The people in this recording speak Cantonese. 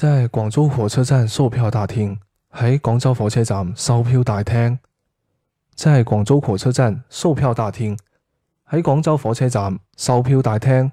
在廣州火車站售票大廳，喺廣州火車站售票大廳，在廣州火車站售票大廳，喺廣州火車站售票大廳。